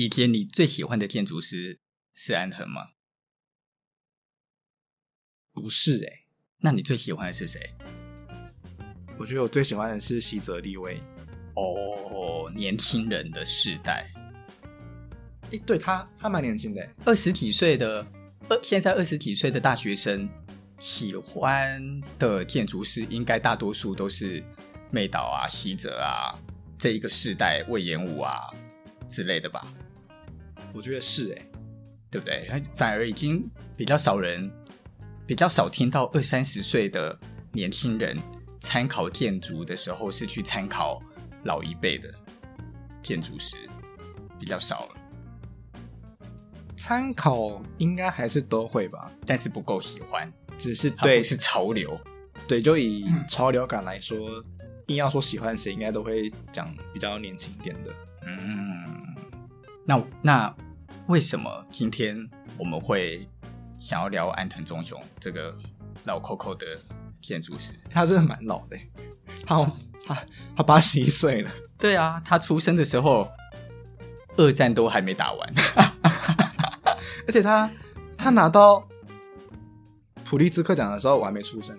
以前你最喜歡的建築師是安藤嗎？不是哎、欸，那你最喜歡的是誰？我覺得我最喜歡的是西澤立衛。哦，年輕人的世代。哎，對他，他蠻年輕的、欸，二十幾歲的。二現在二十幾歲的大學生喜歡的建築師，應該大多數都是妹島啊、西澤啊這一個世代，魏延武啊之類的吧。我覺得是哎、欸，對不對？反而已經比較少人，比較少聽到二三十歲的年輕人參考建築的時候是去參考老一輩的建築師，比較少了。參考應該還是都會吧，但是不夠喜歡，只是對是潮流。對，就以潮流感來說，嗯、硬要說喜歡誰，應該都會講比較年輕一點的。嗯，那那。為什麼今天我們會想要聊安藤忠雄這個老扣扣的建築師？他真的蠻老的，他他他八十一歲了。對啊，他出生的時候，二戰都還沒打完。 而且他他拿到普利茲克獎的時候，我還沒出生。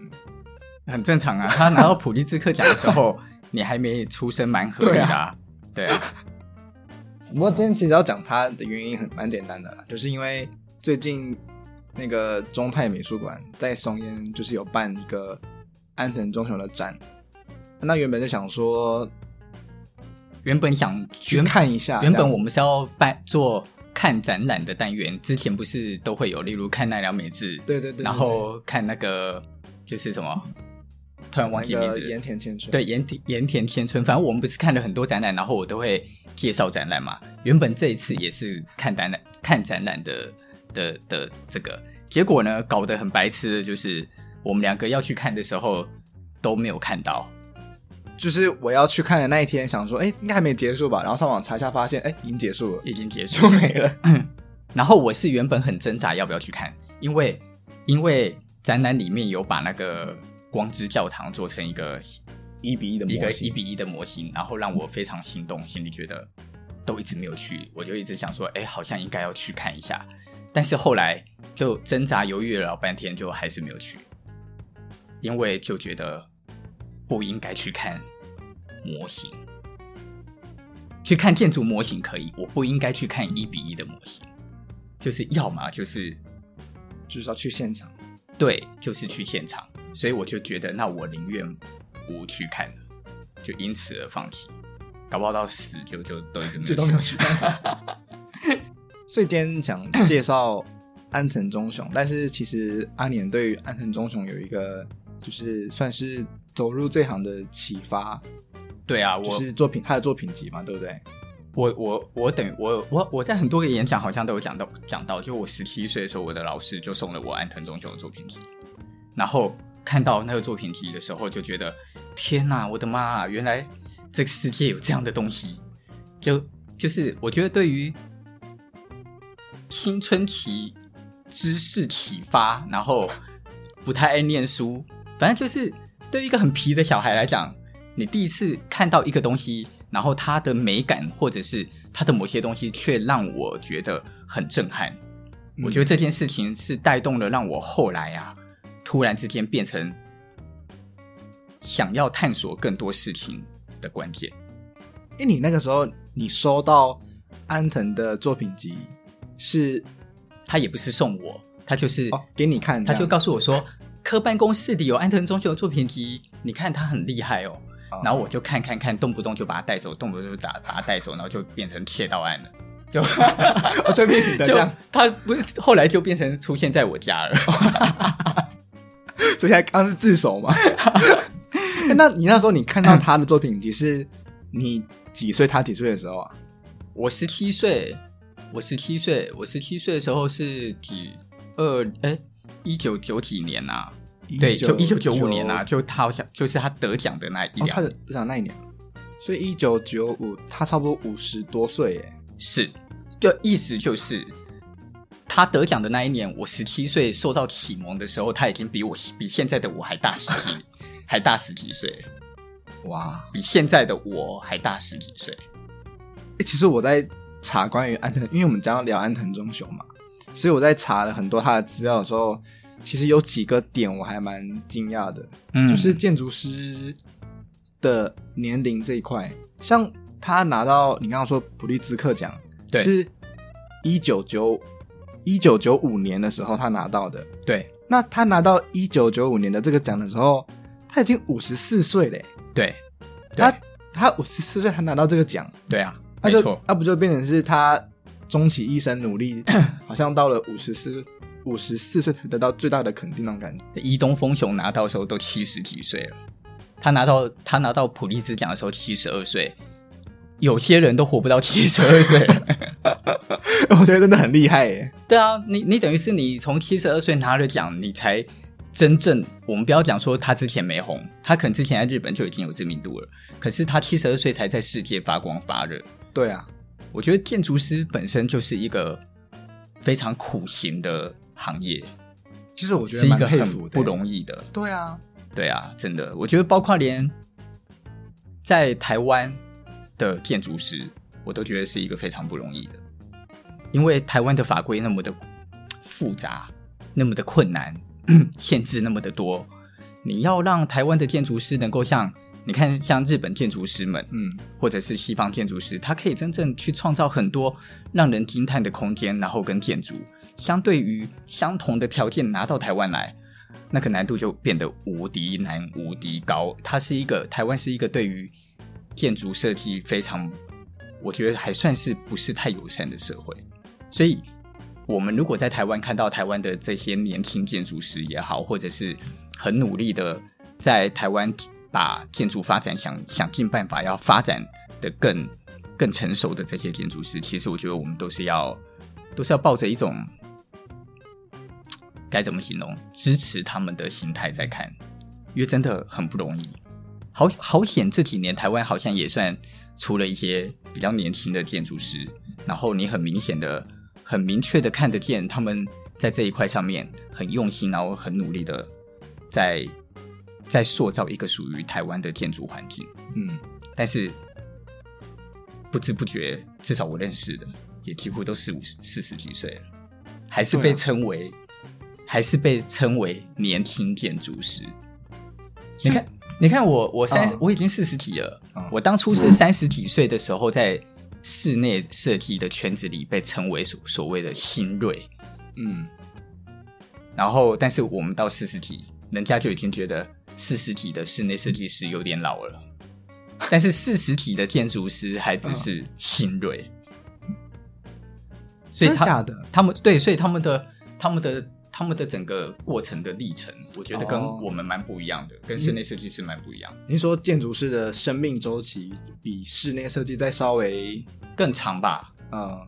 很正常啊，他拿到普利茲克獎的時候， 你還沒出生，蠻合理的啊。對啊。對啊。我今天其實要講他的原因很蠻簡單的啦，就是因為最近那個忠泰美術館在松菸就是有辦一個安藤忠雄的展，那原本就想說，原本想去看一下，原本我們是要辦做看展覽的單元，之前不是都會有，例如看奈良美智，對對對，對對對，然後看那個就是什麼。突然忘記名字，鹽、那個、田千春，對，鹽田鹽田千春，反正我們不是看了很多展覽，然後我都會介紹展覽嘛。原本這一次也是看展覽看展覽的的的這個，結果呢搞得很白痴，就是我們兩個要去看的時候都沒有看到。就是我要去看的那一天，想說哎應該還沒結束吧，然後上網查一下，發現哎已經結束了，已經結束沒了。 然後我是原本很掙扎要不要去看，因為因為展覽裡面有把那個。光之教堂做成一個一比一的，一個一比一的模型，然後讓我非常心動、嗯，心裡覺得都一直沒有去，我就一直想說，哎、欸，好像應該要去看一下，但是後來就掙扎猶豫了老半天，就還是沒有去，因為就覺得不應該去看模型，去看建築模型可以，我不應該去看一比一的模型，就是要麼就是至少、就是、去現場，對，就是去現場。所以我就覺得，那我寧願不去看了，就因此而放棄，搞不好到死就就都一直 就都沒有去看、看。 所以今天想介紹安藤忠雄，但是其實阿年對於安藤忠雄有一個就是算是走入這行的啟發。對啊，我，就是作品，他的作品集嘛，對不對？我我我等於我我我在很多個演講好像都有講到講到，就我十七歲的時候，我的老師就送了我安藤忠雄的作品集，然後。看到那個作品集的時候，就覺得天哪，我的媽！原來這個世界有這樣的東西，就就是我覺得對於青春期知識啟發，然後不太愛念書，反正就是對於一個很皮的小孩來講，你第一次看到一個東西，然後它的美感或者是它的某些東西，卻讓我覺得很震撼。嗯。我覺得這件事情是帶動了讓我後來啊。突然之間變成想要探索更多事情的關鍵。哎、欸，你那個時候你收到安藤的作品集，是他也不是送我，他就是，哦、給你看，他就告訴我說，嗯，科辦公室裡有安藤忠雄的作品集，你看他很厲害哦，哦。然後我就看看看，動不動就把他帶走，動不動就打把他帶走，然後就變成竊盜案了，就轉、 哦、這樣。他不是後來就變成出現在我家了。 所以才剛是自首嘛？ 那你那時候你看到他的作品，其實你幾歲？他幾歲的時候啊？我十七歲，我十七歲，我十七歲的時候是幾二？哎、欸，一九一九幾年吶、啊？對，就一、啊、九九五年吶。就他好像就是他得獎的那一年、哦，他得獎那一年。所以一九九五，他差不多五十多歲，哎，是。就意思就是。他得獎的那一年，我十七歲，受到啟蒙的時候，他已經比我比現在的我還大十幾， 還大十幾歲。哇，比現在的我還大十幾歲。欸，其實我在查關於安藤，因為我們講要聊安藤忠雄嘛，所以我在查了很多他的資料的時候，其實有幾個點我還蠻驚訝的。嗯，就是建築師的年齡這一塊，像他拿到你剛剛說普利茲克獎，對，是一九九。一九九五年的時候，他拿到的。對，那他拿到一九九五年的這個獎的時候，他已經五十四歲嘞。對，他對他五十四歲還拿到這個獎。對啊，那就，沒錯，那不就變成是他終其一生努力， 好像到了五十四五十四歲才得到最大的肯定那種感覺。伊東豐雄拿到的時候都七十幾歲了，他拿到他拿到普利茲獎的時候七十二歲。有些人都活不到七十二歲，我覺得真的很厲害耶。對啊，你你等於是你從七十二歲拿了獎，你才真正，我們不要講說他之前沒紅，他可能之前在日本就已經有知名度了，可是他七十二歲才在世界發光發熱。對啊，我覺得建築師本身就是一個非常苦行的行業，其實我覺得滿佩服的耶，是一個很不容易的。對啊，對啊，真的，我覺得包括連在台灣。的建築師，我都覺得是一個非常不容易的，因為台灣的法規那麼的複雜，那麼的困難，嗯，限制那麼的多，你要讓台灣的建築師能夠像你看，像日本建築師們，嗯，或者是西方建築師，他可以真正去創造很多讓人驚嘆的空間，然後跟建築相對於相同的條件拿到台灣來，那個難度就變得無敵難、無敵高。它是一個，台灣是一個對於，建築設計非常，我覺得還算是不是太友善的社會，所以我們如果在台灣看到台灣的這些年輕建築師也好，或者是很努力的在台灣把建築發展想，想想盡辦法要發展的更更成熟的這些建築師，其實我覺得我們都是要都是要抱着一種該怎麼形容，支持他們的心態在看，因為真的很不容易。好好險！這幾年台灣好像也算出了一些比較年輕的建築師，然後你很明顯的、很明確的看得見他們在這一塊上面很用心，然後很努力的在在塑造一個屬於台灣的建築環境。嗯，但是不知不覺，至少我認識的也幾乎都四五四十幾歲了，還是被稱為、啊、還是被稱為年輕建築師。你看。你看我，我三、uh.，我已經四十幾了。Uh. 我當初是三十幾歲的時候，在室內設計的圈子裡被稱為所所謂的新銳，嗯。然後，但是我們到四十幾，人家就已經覺得四十幾的室內設計師有點老了。 但是四十幾的建築師還只是新銳，uh. 所以他，是真的假的？他們，對，所以他們的他們的。他們的整個過程的歷程，我覺得跟我們蠻不一樣的，哦、跟室內設計師蠻不一樣的、嗯。你說建築師的生命週期比室內設計再稍微更長吧？嗯，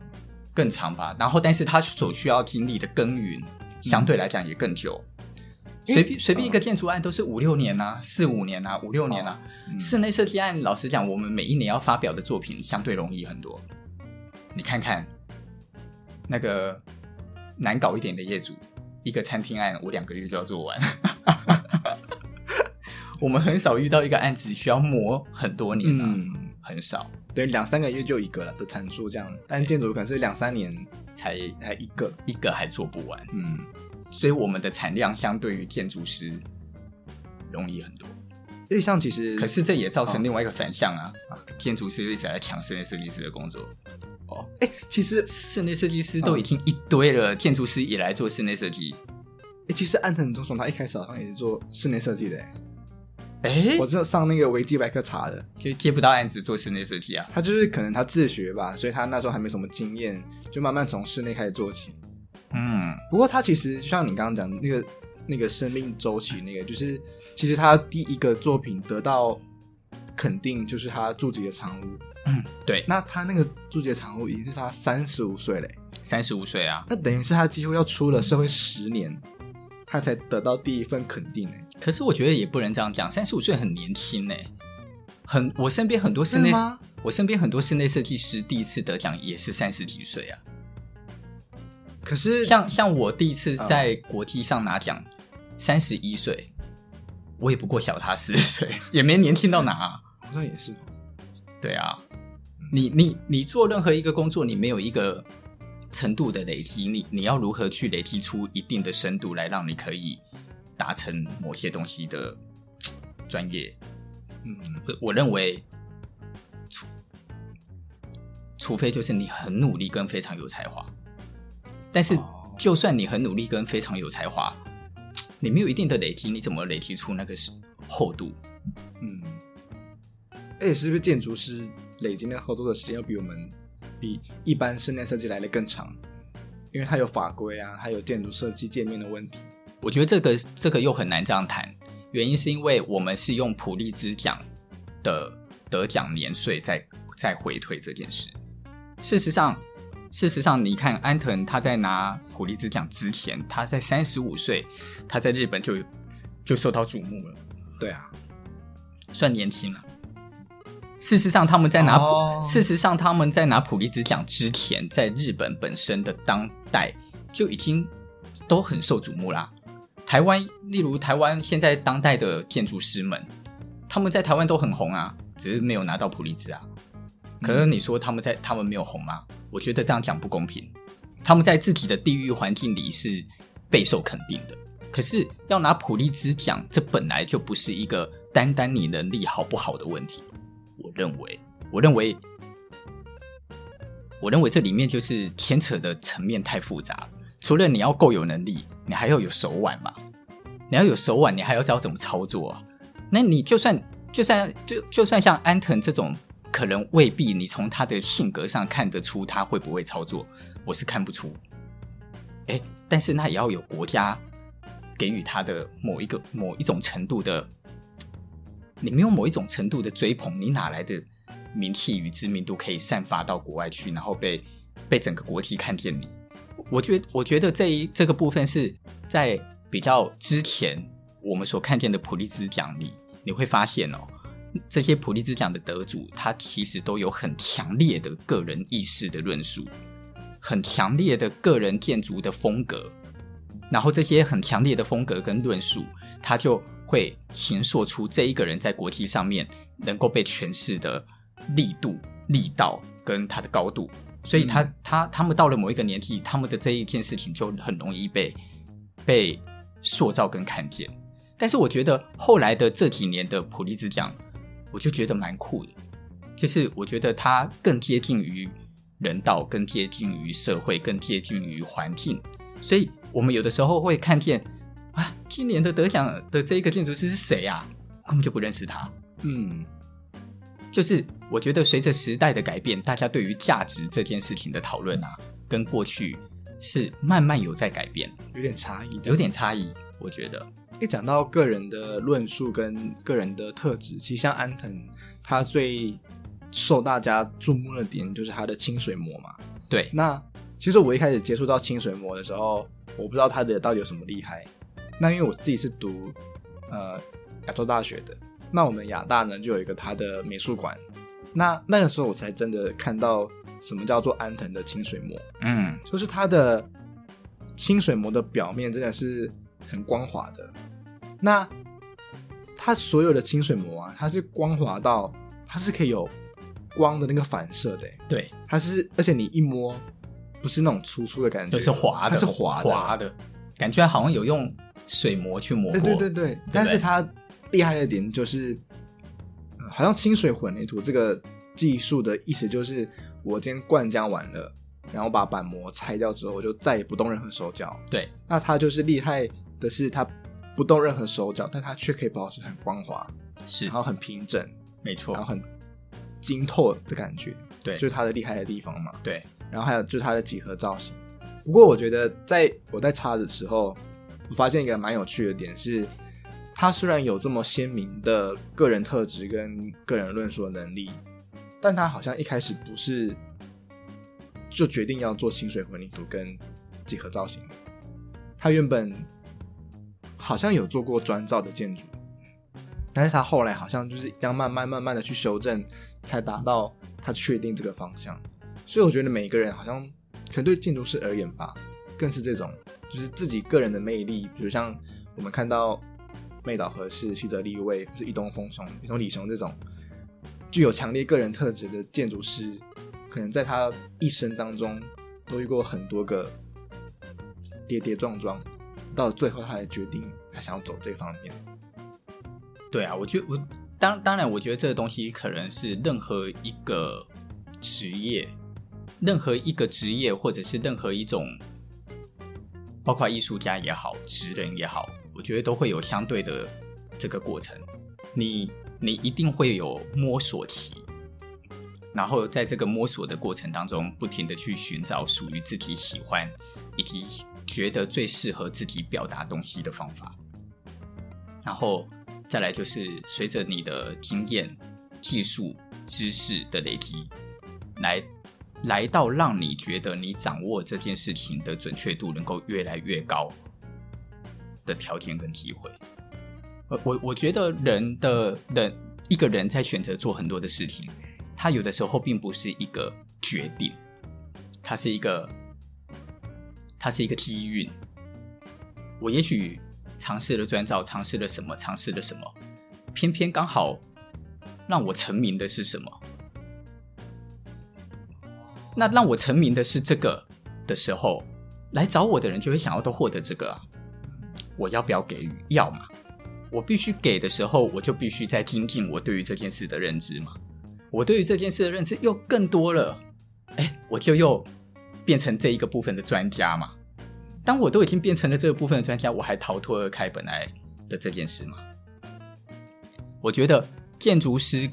更長吧。然後，但是他所需要經歷的耕耘，嗯、相對來講也更久。嗯、隨便隨便一個建築案都是五六年吶、啊嗯，四五年吶、啊，五六年吶、啊哦。室內設計案、嗯，老實講，我們每一年要發表的作品相對容易很多。你看看那個難搞一點的業主，一個餐廳案，我兩個月就要做完。 我們很少遇到一個案子需要磨很多年啊，嗯，很少。對，兩三個月就一個了的產出，這樣。但建築可能是兩三年才才一個，一個還做不完。嗯，所以我們的產量相對於建築師容易很多。那像其實，可是這也造成另外一個反向啊啊，啊，建築師一直在搶室內設計師的工作。哎、欸，其實室內設計師都已經一堆了，建、嗯、築師也來做室內設計。哎、欸，其實安藤忠雄他一開始好像也是做室內設計的、欸。哎、欸，我只有上那個維基百科查的，其實接不到案子，做室內設計啊。他就是可能他自學吧，所以他那時候還沒什麼經驗，就慢慢從室內開始做起。嗯，不過他其實像你剛剛講的那個那個生命周期那個，就是其實他第一個作品得到肯定就是他住吉的長屋。嗯，對，那他那個住吉長屋已經是他三十五歲嘞，三十五歲啊，那等於是他幾乎要出了社會十年、嗯，他才得到第一份肯定呢，可是我覺得也不能這樣講，三十五歲很年輕呢，很，我身邊很多室內，我身邊很多室內設計師第一次得獎也是三十幾歲啊。可是，像像我第一次在國際上拿獎，三十一歲，我也不過小他四歲， 也沒年輕到哪啊。啊，好像也是。對啊，你你你做任何一個工作，你沒有一個程度的累積，你你要如何去累積出一定的深度，來讓你可以達成某些東西的專業？嗯，我認為除，除非就是你很努力跟非常有才華，但是就算你很努力跟非常有才華，你沒有一定的累積，你怎麼累積出那個厚度？嗯。哎，是不是建築師累積了好多的時間要比我們，比一般室內設計來的更長？因為它有法規啊，還有建築設計界面的問題。我覺得這個這個又很難這樣談，原因是因為我們是用普利茲獎的得獎年歲在在回推這件事。事實上，事實上，你看安藤他在拿普利茲獎之前，他在三十五歲，他在日本就就受到矚目了。對啊，算年輕了。事實上，他們在拿。Oh. 事實上，他們在拿普利茲獎之前，在日本本身的當代就已經都很受矚目啦。台灣，例如台灣現在當代的建築師們，他們在台灣都很紅啊，只是沒有拿到普利茲啊。嗯。可是你說他們在他們沒有紅嗎？我覺得這樣講不公平。他們在自己的地域環境裡是備受肯定的，可是要拿普利茲獎，這本來就不是一個單單你能力好不好的問題。我認為，我認為，我認為這裡面就是牽扯的層面太複雜。除了你要夠有能力，你還要有手腕嘛？你要有手腕，你還要知道怎麼操作啊。那你就算就算就就算像安藤這種，可能未必你從他的性格上看得出他會不會操作，我是看不出。哎，但是那也要有國家給予他的某一個某一種程度的。你沒有某一種程度的追捧，你哪來的名氣與知名度可以散發到國外去，然後被被整個國際看見你？我覺我覺得這一這個部分是在比較之前我們所看見的普利茲獎裡，你會發現哦，這些普利茲獎的得主，他其實都有很強烈的個人意識的論述，很強烈的個人建築的風格，然後這些很強烈的風格跟論述，他就。會形塑出這一個人在國際上面能夠被詮釋的力度、力道跟他的高度，所以他、嗯、他他們到了某一個年紀，他們的這一件事情就很容易被被塑造跟看見。但是我覺得後來的這幾年的普利茲獎，我就覺得蠻酷的，就是我覺得它更接近於人道，更接近於社會，更接近於環境，所以我們有的時候會看見。啊，今年的得獎的這一個建築師是誰啊？根本就不認識他。嗯，就是我覺得隨着時代的改變，大家對於價值這件事情的討論啊，跟過去是慢慢有在改變，有點差異，有點差異，我覺得。一講到個人的論述跟個人的特質，其實像安藤，他最受大家注目的點就是他的清水模嘛。對，那其實我一開始接觸到清水模的時候，我不知道他的到底有什麼厲害。那因為我自己是讀，呃，亞洲大學的，那我們亞大呢就有一個它的美術館，那那個時候我才真的看到什麼叫做安藤的清水模。嗯，就是它的清水模的表面真的是很光滑的，那它所有的清水模啊，它是光滑到它是可以有光的那個反射的，對，它是，而且你一摸，不是那種粗粗的感覺，對，就是滑的，是滑滑的。滑的感覺好像有用水磨去磨過，對對對對。對對，但是它厲害的點就是、嗯，好像清水混凝土這個技術的意思就是，我今天灌漿完了，然後把板模拆掉之後，我就再也不動任何手腳。對，那它就是厲害的是，它不動任何手腳，但它卻可以保持很光滑，是，然後很平整，沒錯，然後很精透的感覺，對，就是它的厲害的地方嘛。對，然後還有就是它的幾何造型。不過我覺得，在我在查的時候，我發現一個蠻有趣的點是，他雖然有這麼鮮明的個人特質跟個人論述的能力，但他好像一開始不是就決定要做清水混凝土跟幾何造型的。他原本好像有做過磚造的建築，但是他後來好像就是要慢慢慢慢的去修正，才達到他確定這個方向。所以我覺得每一個人好像。可能對建築師而言吧，更是這種，就是自己個人的魅力，比如像我們看到妹島和世、西澤立衛，不是伊東豐雄、伊東豐雄這種具有強烈個人特質的建築師，可能在他一生當中都遇過很多個跌跌撞撞，到最後他來決定他想要走這方面。對啊，我覺得我當當然，我覺得這個東西可能是任何一個職業。任何一個職業，或者是任何一種，包括藝術家也好，職人也好，我覺得都會有相對的這個過程。你，你一定會有摸索期，然後在這個摸索的過程當中，不停的去尋找屬於自己喜歡以及覺得最適合自己表達東西的方法。然後再來就是隨着你的經驗、技術、知識的累積，來。來到讓你覺得你掌握這件事情的準確度能夠越來越高的條件跟機會，我我我覺得人的人一個人在選擇做很多的事情，他有的時候並不是一個決定，他是一個，他是一個機運。我也許嘗試了轉造，嘗試了什麼，嘗試了什麼，偏偏剛好讓我成名的是什麼？那讓我成名的是這個的時候，來找我的人就會想要都獲得這個啊，我要不要給予？要嘛，我必須給的時候，我就必須再精進我對於這件事的認知嘛。我對於這件事的認知又更多了，哎，我就又變成這一個部分的專家嘛。當我都已經變成了這個部分的專家，我還逃脫得開本來的這件事嗎？我覺得建築師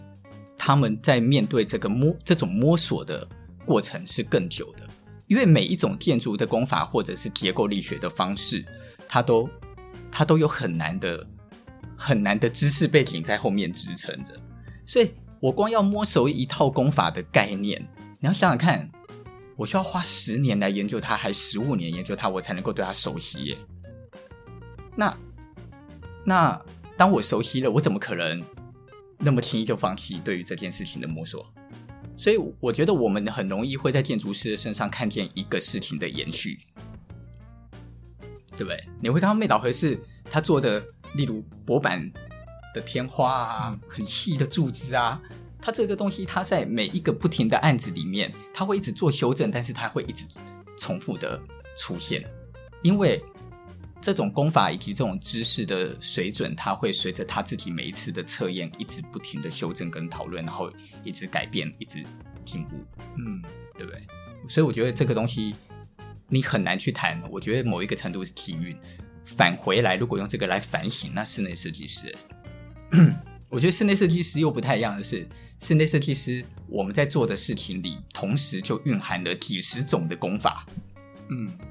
他們在面對這個摸這種摸索的，過程是更久的，因為每一種建築的工法或者是結構力學的方式，它都它都有很難的很難的知識背景在後面支撐着。所以，我光要摸熟一套工法的概念，你要想想看，我需要花十年來研究它，還十五年研究它，我才能夠對它熟悉耶。那那當我熟悉了，我怎麼可能那麼輕易就放棄對於這件事情的摸索？所以我覺得我們很容易會在建築師身上看見一個事情的延續，對不對？你會看到妹島和世他做的，例如薄板的天花啊，很細的柱子啊，他這個東西，他在每一個不停的案子裡面，他會一直做修正，但是他會一直重複的出現，因為。這種工法以及這種知識的水準，他會隨着他自己每一次的測驗，一直不停的修正跟討論，然後一直改變，一直進步。嗯，對不對？所以我覺得這個東西你很難去談。我覺得某一個程度是體運返回來。如果用這個來反省，那室內設計師， 我覺得室內設計師又不太一樣的是，室內設計師我們在做的事情裡，同時就蘊含了幾十種的工法。嗯。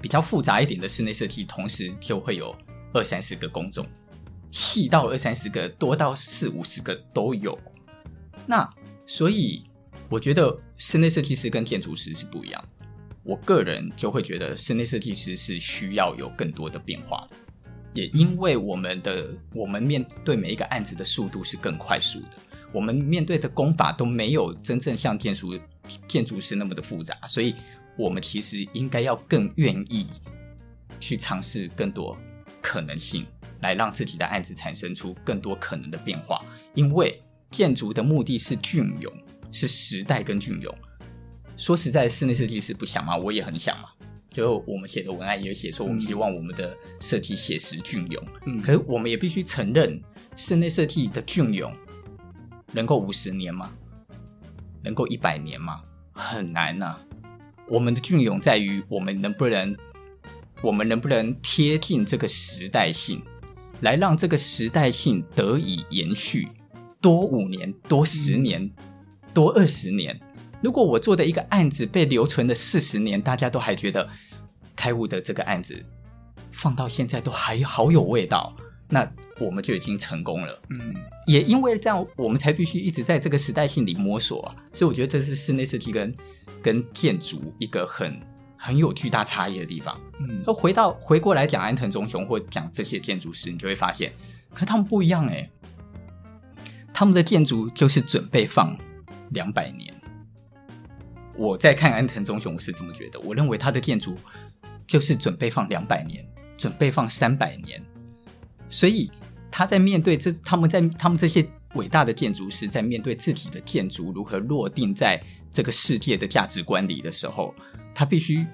比較複雜一點的室內設計，同時就會有二三十個工種，細到二三十個，多到四五十個都有。那所以我覺得室內設計師跟建築師是不一樣的。我個人就會覺得室內設計師是需要有更多的變化的，也因為我們的我們面對每一個案子的速度是更快速的，我們面對的工法都沒有真正像建築建築師那麼的複雜，所以。我們其實應該要更願意去嘗試更多可能性，來讓自己的案子產生出更多可能的變化。因為建築的目的是雋永，是時代跟雋永。說實在，室內設計師不想嗎？我也很想嘛。就我們寫的文案也寫說，我們希望我們的設計寫實雋永。嗯，可是我們也必須承認，室內設計的雋永能夠五十年嗎？能夠一百年嗎？很難吶、啊。我們的雋永在於我們能不能，我們能不能貼近這個時代性，來讓這個時代性得以延續多五年、多十年、多二十年。如果我做的一個案子被留存了四十年，大家都還覺得開悟的這個案子放到現在都還好有味道。那我們就已經成功了，嗯，也因為這樣，我們才必須一直在這個時代性裡摸索啊。所以我覺得這是室內設計跟跟建築一個很很有巨大差異的地方。嗯，那回到回過來講安藤忠雄或講這些建築師，你就會發現，可他們不一樣誒、欸。他們的建築就是準備放兩百年。我在看安藤忠雄，我是這麼覺得，我認為他的建築就是準備放兩百年，準備放三百年。所以，他在面對這，他們在他們這些偉大的建築師在面對自己的建築如何落定在這個世界的價值觀裡的時候，他必須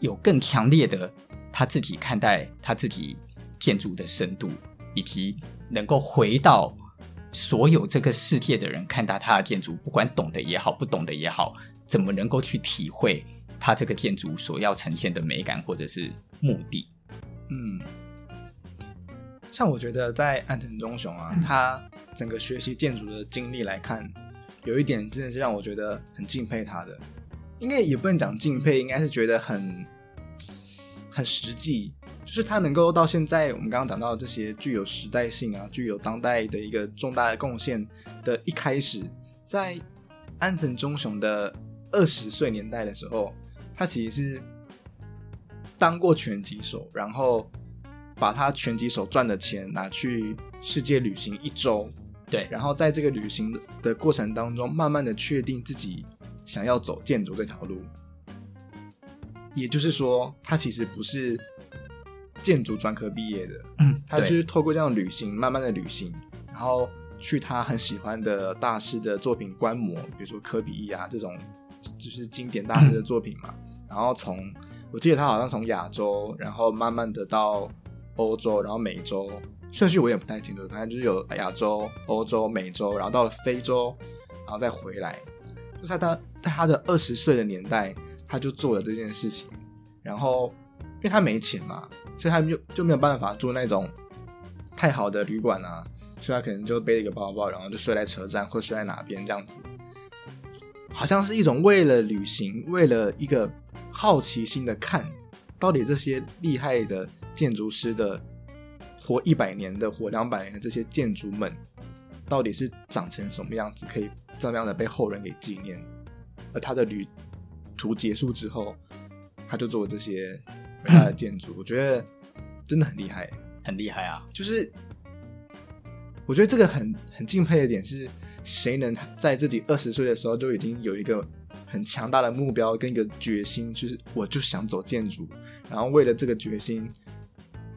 有更強烈的他自己看待他自己建築的深度，以及能夠回到所有這個世界的人看待他的建築，不管懂得也好，不懂得也好，怎麼能夠去體會他這個建築所要呈現的美感或者是目的。嗯。像我覺得，在安藤忠雄啊、嗯，他整個學習建築的經歷來看，有一點真的是讓我覺得很敬佩他的，應該也不能講敬佩，應該是覺得很很實際，就是他能夠到現在我們剛剛講到的這些具有時代性啊、具有當代的一個重大的貢獻的一開始，在安藤忠雄的二十歲年代的時候，他其實是當過拳擊手，然後。把他拳擊手賺的錢拿去世界旅行一周，對，然後在這個旅行的過程當中，慢慢的確定自己想要走建築這條路。也就是說，他其實不是建築專科畢業的，嗯、他就是透過這樣旅行，慢慢的旅行，然後去他很喜歡的大師的作品觀摩，比如說柯比意、啊、這種，就是經典大師的作品嘛。嗯、然後從我記得他好像從亞洲，然後慢慢的到。歐洲，然後美洲，順序我也不太清楚，反正就是有亞洲、歐洲、美洲，然後到了非洲，然後再回來。就在他，在他的在他的二十歲的年代，他就做了這件事情。然後，因為他沒錢嘛，所以他就就沒有辦法住那種太好的旅館啊，所以他可能就背了一個包包，然後就睡在車站或睡在哪邊這樣子。好像是一種為了旅行，為了一個好奇心的看。到底這些厲害的建築師的活一百年的活兩百年的這些建築們，到底是長成什麼樣子？可以這麼樣的被後人給紀念。而他的旅途結束之後，他就做這些偉大的建築，我覺得真的很厲害，很厲害啊！就是，我覺得這個很很敬佩的點是誰能在自己二十歲的時候就已經有一個很強大的目標跟一個決心，就是我就想走建築。然後為了這個決心，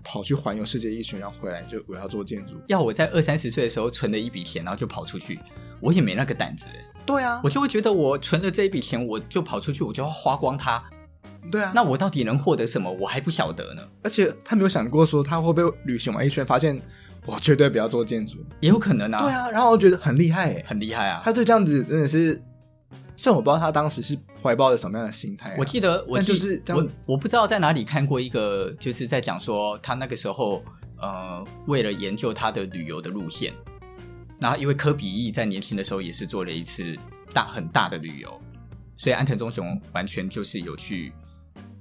跑去環遊世界一圈，然後回來就我要做建築。要我在二三十歲的時候存了一筆錢，然後就跑出去，我也沒那個膽子。對啊，我就會覺得我存了這一筆錢，我就跑出去，我就要花光它。對啊，那我到底能獲得什麼？我還不曉得呢。而且他沒有想過說他會不會旅行完一圈，發現我絕對不要做建築。也有可能啊。對啊，然後我覺得很厲害，很厲害啊。他就這樣子，真的是。雖然我不知道他當時是懷抱着什麼樣的心態啊，我記得，我記得，就是我我不知道在哪裡看過一個，就是在講說他那個時候，呃，為了研究他的旅遊的路線，然後因為柯比意在年輕的時候也是做了一次大很大的旅遊，所以安藤忠雄完全就是有去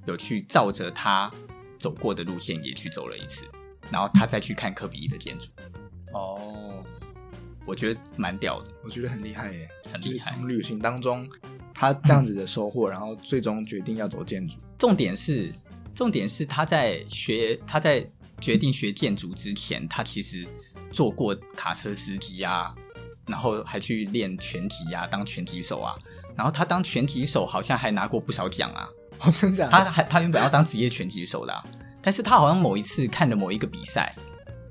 有去照着他走過的路線也去走了一次，然後他再去看柯比意的建築，哦，oh。我覺得蠻屌的，我覺得很厲害耶，很厲害。從旅行當中，他這樣子的收穫，嗯，然後最終決定要走建築。重點是，重點是他在學，他在決定學建築之前，他其實做過卡車司機啊，然後還去練拳擊啊，當拳擊手啊。然後他當拳擊手好像還拿過不少獎啊，好像。他還他原本要當職業拳擊手的啊，但是他好像某一次看了某一個比賽，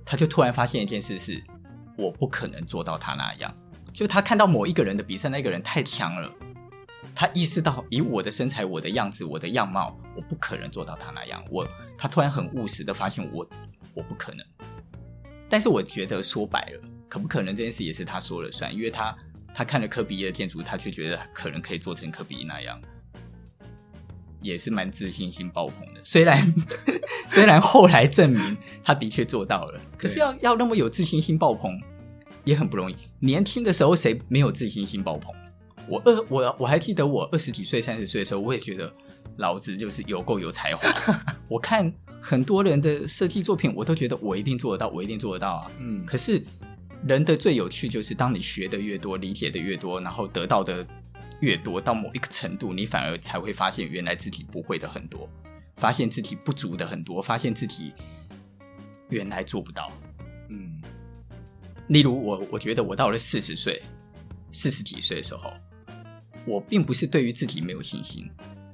他就突然發現一件事是。我不可能做到他那樣，就他看到某一個人的比賽，那一個人太強了，他意識到以我的身材、我的樣子、我的樣貌，我不可能做到他那樣。我，他突然很務實的發現，我，我不可能。但是我覺得說白了，可不可能這件事也是他說了算，因為他他看了柯比意的建築，他卻覺得可能可以做成柯比意那樣。也是蠻自信心爆棚的，雖然 雖然後來證明他的確做到了，可是要要那麼有自信心爆棚也很不容易。年輕的時候誰沒有自信心爆棚？我二我我還記得我二十幾歲三十歲的時候，我也覺得老子就是有夠有才華。 我看很多人的設計作品，我都覺得我一定做得到，我一定做得到啊。嗯，可是人的最有趣就是，當你學得越多，理解得越多，然後得到的。越多到某一個程度，你反而才會發現原來自己不會的很多，發現自己不足的很多，發現自己原來做不到。嗯，例如我，我覺得我到了四十歲、四十幾歲的時候，我並不是對於自己沒有信心，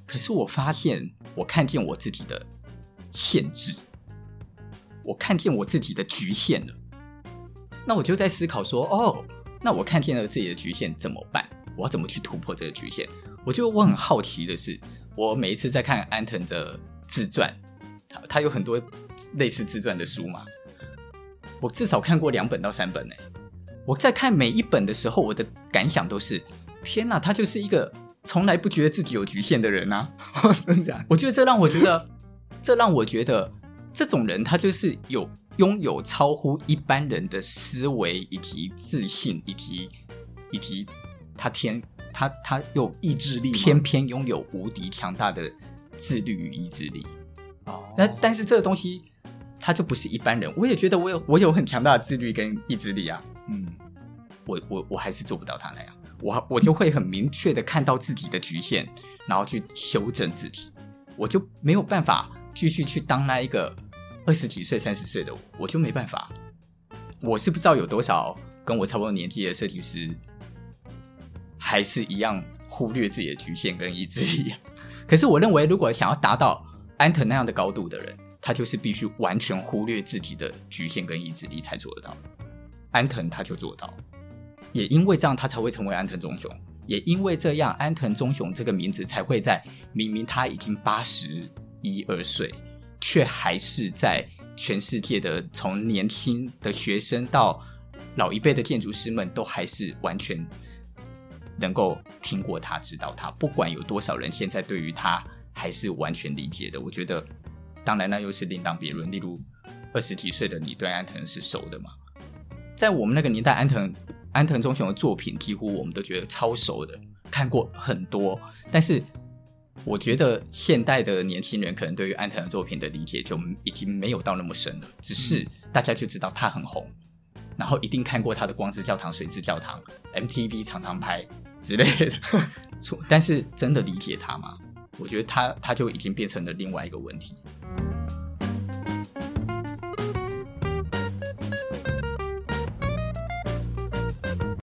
可是我發現我看見我自己的限制，我看見我自己的局限了。那我就在思考說，哦，那我看見了自己的局限怎麼辦？我要怎麼去突破這個局限？我覺得我很好奇的是，我每一次在看安藤的自傳，他有很多類似自傳的書嘛，我至少看過兩本到三本呢、欸。我在看每一本的時候，我的感想都是：天哪，他就是一個從來不覺得自己有局限的人啊！ 我覺得這讓我覺得，這讓我覺得，這種人他就是有擁有超乎一般人的思維，以及自信，以及，以及。他天，他他有意志力，偏偏擁有無敵強大的自律與意志力啊！那、哦、但是這個東西，他就不是一般人。我也覺得我有我有很強大的自律跟意志力啊。嗯，我我我還是做不到他那樣，我我就會很明確的看到自己的局限，然後去修正自己。我就沒有辦法繼續去當那一個二十幾歲三十歲的我，我就沒辦法。我是不知道有多少跟我差不多年紀的設計師。還是一樣忽略自己的局限跟意志力， 可是我認為，如果想要達到安藤那樣的高度的人，他就是必須完全忽略自己的局限跟意志力才做得到。安藤他就做到，也因為這樣，他才會成為安藤忠雄。也因為這樣，安藤忠雄這個名字才會在明明他已經八十一二歲，卻還是在全世界的從年輕的學生到老一輩的建築師們都還是完全。能夠聽過他，知道他，不管有多少人，現在對於他還是完全理解的。我覺得，當然那又是另當別論。例如，二十幾歲的你對安藤是熟的嗎？在我們那個年代，安藤安藤忠雄的作品幾乎我們都覺得超熟的，看過很多。但是，我覺得現代的年輕人可能對於安藤的作品的理解就已經沒有到那麼深了。只是大家就知道他很紅，嗯、然後一定看過他的《光之教堂》《水之教堂》，MTV 常常拍。之類的，但是真的理解他嗎？我覺得他他就已經變成了另外一個問題。